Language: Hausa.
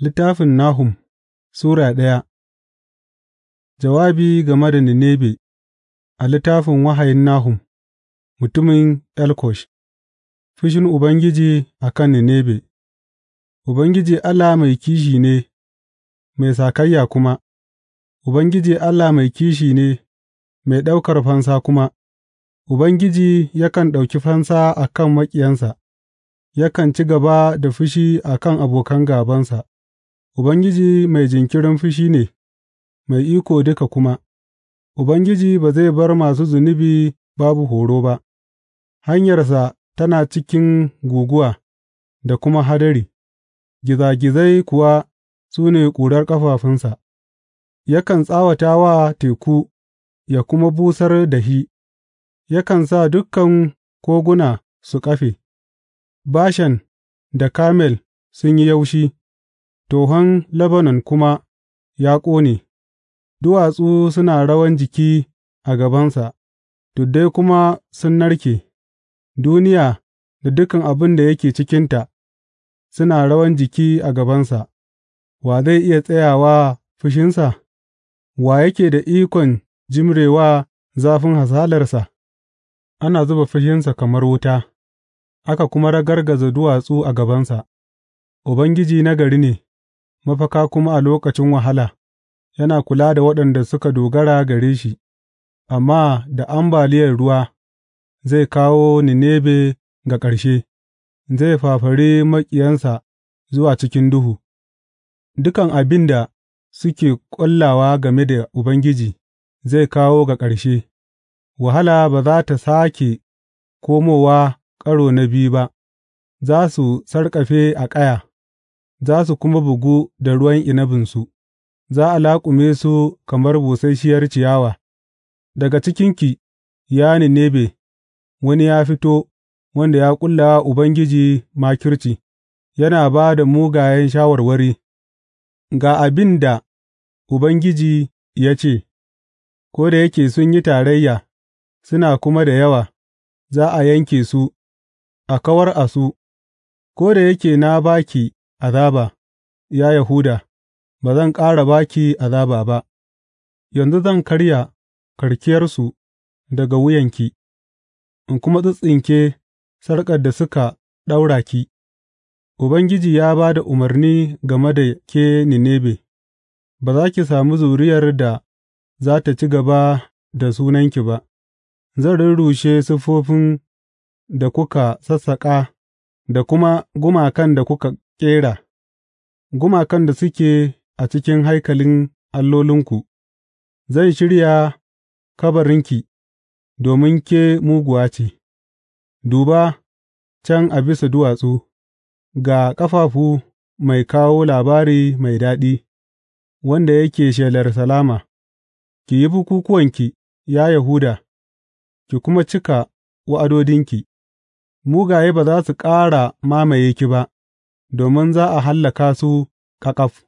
Littafin Nahum Sura ɗaya. Jawabi game da Ninebe a littafin wahayin Nahum mutumin Elkosh Fushin Ubangiji a kan Ninebe Ubangiji Allah mai kishi ne, mai sakayya kuma; Ubangiji Allah mai kishi ne, mai ɗaukar fansa kuma; Ubangiji yakan ɗauki fansa a kan maƙiyansa, yakan ci gaba da fushi a kan abokan gabansa. Ubangiji mai jinkirin fushi ne, mai iko duka kuma; Ubangiji ba zai bar masu zunubi babu horo ba, hanyarsa tana cikin guguwa da kuma hadari, gizagizai kuwa su ne ƙurar ƙafafunsa; yakan tsawata wa teku ya kuma busar da shi, yakan sa dukan koguna su kafe, Bashan da kamel sun yi yaushi. tohon Lebanon kuma ya ƙone; duwatsu suna rawan jiki a gabansa, tuddai kuma sun narke; duniya da dukan abin da yake cikinta suna rawan jiki a gabansa, wa zai iya tsayawa wa fushinsa, wa yake da ikon jimrewa zafin hasalarsa? Ana zuba fushinsa kamar wuta aka kuma ragargaza duwatsu a gabansa; Ubangiji nagari ne. mafaka kuma a lokacin wahala, yana kula da waɗanda suka dogara gare shi, amma da ambaliyar ruwa zai kawo Ninebe ga ƙarshe, zai fafare maƙiyansa zuwa cikin duhu, dukan abin da suke ƙwallawa game da Ubangiji zai kawo ga ƙarshe, wahala ba za ta sake komowa ƙaro na biyu ba, za su sarƙafe a ƙaya. za su kuma bugu da ruwan inabinsu; za a laƙume su kamar busasshiyar ciyawa, daga cikinki, ya Ninebe, wani ya fito wanda ya ƙulla wa Ubangiji makirci, yana ba da mugayen shawarwari, ga abin da Ubangiji ya ce, Ko da yake sun yi tarayya, suna kuma da yawa, za a yanke su, a kawar a su, ko da yake na baki. azaba, ya Yahuda, ba zan ƙara ba ki azaba ba, yanzu zan karya karkiyarsu daga wuyanki, in kuma tsintsinke sarƙar da suka ɗaura ki, Ubangiji ya ba da umarni game da ke Ninebe, ba za ki sami zuriyar da za ta ci gaba da sunanki ba, zan rurrushe siffofin da kuka sassaƙa da kuma gumakan da kuka ƙera, gumakan da suke a cikin haikalin allolinku, zan shirya kabarinki domin ke muguwa ce, duba can a bisa duwatsu, ga ƙafafu mai kawo labari mai daɗi, wanda yake shelar salama, ki yi bukukuwanki, ya Yahuda, ki kuma cika wa'adodinki, mugaye ba za su ƙara mamaye ki ba. domin za a hallaka su ƙaƙaf.